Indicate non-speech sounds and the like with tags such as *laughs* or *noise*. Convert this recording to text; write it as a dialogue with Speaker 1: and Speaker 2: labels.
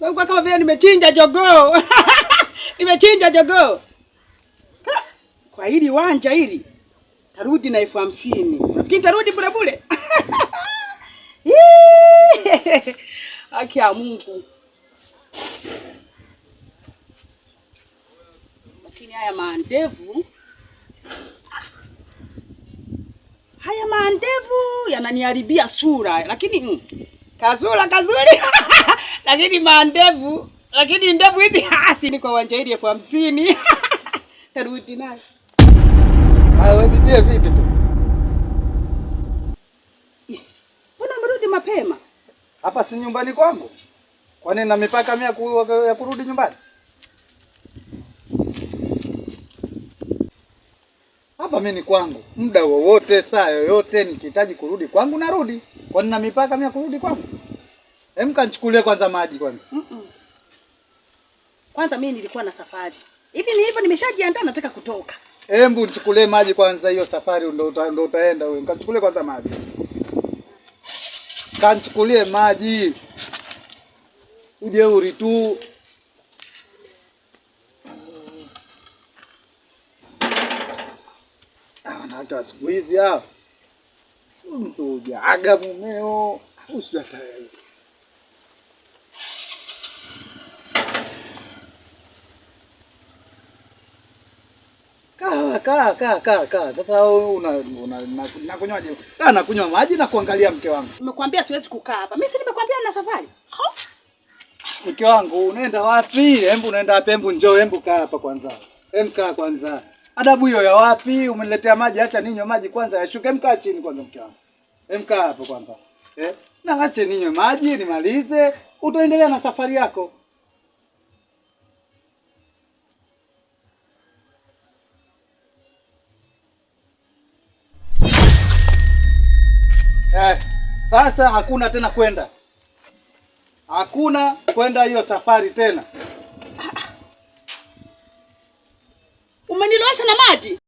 Speaker 1: Kwa kama vile nimechinja jogoo *laughs* nimechinja jogoo kwa hili wanja hili, tarudi na elfu hamsini. Nafikiri tarudi bure bure. *laughs* *laughs* Haki ya Mungu. Lakini haya maandevu haya maandevu yananiharibia sura, lakini mm, kazura kazuri lakini mandevu, lakini ndevu hizi hasi. *laughs* Ah, ni kwa uwanja hili elfu hamsini *laughs* tarudi nayo vipi tu. Mbona mrudi mapema?
Speaker 2: Hapa si nyumbani kwangu, kwani na mipaka mia ya kurudi nyumbani? Hapa mimi ni kwangu, muda wowote, saa yoyote, nikihitaji kurudi kwangu narudi, kwani na mipaka mia kurudi kwangu Hem, kanichukulie kwanza maji kwanza. Mm -mm.
Speaker 1: Kwanza mimi nilikuwa na safari. Hivi hivyo nimeshajiandaa nataka kutoka.
Speaker 2: Hembu nichukulie maji kwanza, hiyo safari ndo uta, ndo utaenda wewe. Kanichukulie kwanza maji. Kanichukulie maji. Ujeuri tu. Ah, hata siku hizi mtu ujaaga mumeo usijatayarisha kaa kaa kaa kaa. Sasa nakunywaje? Ah, nakunywa maji na kuangalia mke wangu.
Speaker 1: Nimekwambia siwezi kukaa hapa mimi, si nimekwambia na safari.
Speaker 2: Mke wangu unaenda wapi? Hembu unaenda wapi? Hembu njoo, hembu kaa hapa kwanza, hembu kaa kwanza. Adabu hiyo ya wapi? Umeniletea maji, acha ninywe maji kwanza yashuke. Hembu chini kwanza, mke wangu, hembu kaa hapo kwanza eh? na ache ninywe maji nimalize, utaendelea na safari yako. Eh, sasa hakuna tena kwenda, hakuna kwenda hiyo safari tena.
Speaker 1: Umenilowesha na maji.